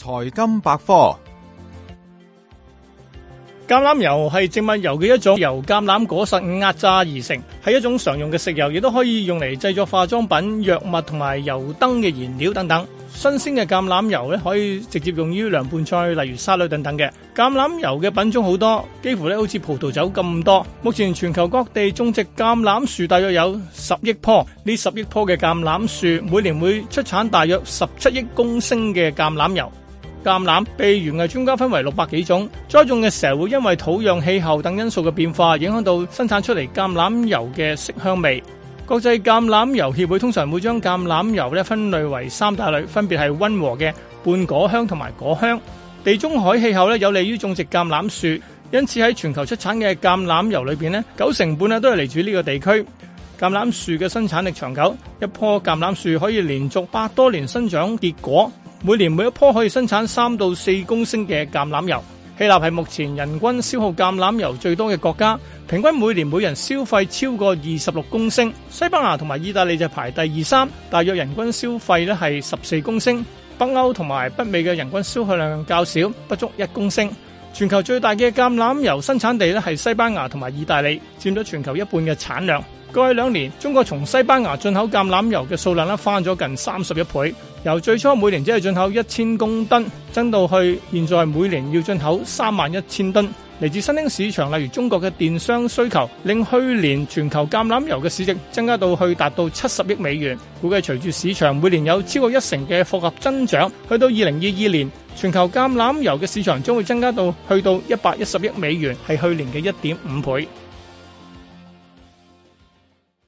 財金百科：橄欖油係植物油嘅一種，由橄欖果實壓榨而成，係一種常用嘅食油，亦都可以用嚟製作化妝品、藥物同埋油燈嘅燃料等等。新鮮嘅橄欖油咧可以直接用於涼拌菜，例如沙律等等嘅。橄欖油嘅品種好多，幾乎咧好似葡萄酒咁多。目前全球各地種植橄欖樹大約有十億棵，呢十億棵嘅橄欖樹每年會出產大約十七億公升嘅橄欖油。橄欖被園藝專家分為六百幾種，栽種嘅時候會因為土壤、氣候等因素嘅變化，影響到生產出嚟橄欖油嘅色香味。國際橄欖油協會通常會將橄欖油咧分類為三大類，分別係温和嘅半果香同埋果香。地中海氣候咧有利於種植橄欖樹，因此喺全球出產嘅橄欖油裏邊咧，九成半咧都係嚟自呢個地區。橄欖樹嘅生產力長久，一棵橄欖樹可以連續百多年生長結果。每年每一棵可以生產三到四公升嘅橄欖油。希臘係目前人均消耗橄欖油最多嘅國家，平均每年每人消費超過二十六公升。西班牙同埋意大利就排第二三，大約人均消費咧係十四公升。北歐同埋北美嘅人均消耗量較少，不足一公升。全球最大嘅橄欖油生產地咧係西班牙同埋意大利，佔咗全球一半嘅產量。過去兩年，中國從西班牙進口橄欖油嘅數量呢翻咗近三十一倍，由最初每年只係進口一千公噸，增到去現在每年要進口三萬一千噸。嚟自新興市場，例如中國嘅電商需求，令去年全球橄欖油嘅市值增加到去達到七十億美元。估計隨住市場每年有超過一成嘅複合增長，去到二零二二年，全球橄欖油嘅市場將會增加到去到一百一十億美元，係去年嘅一點五倍。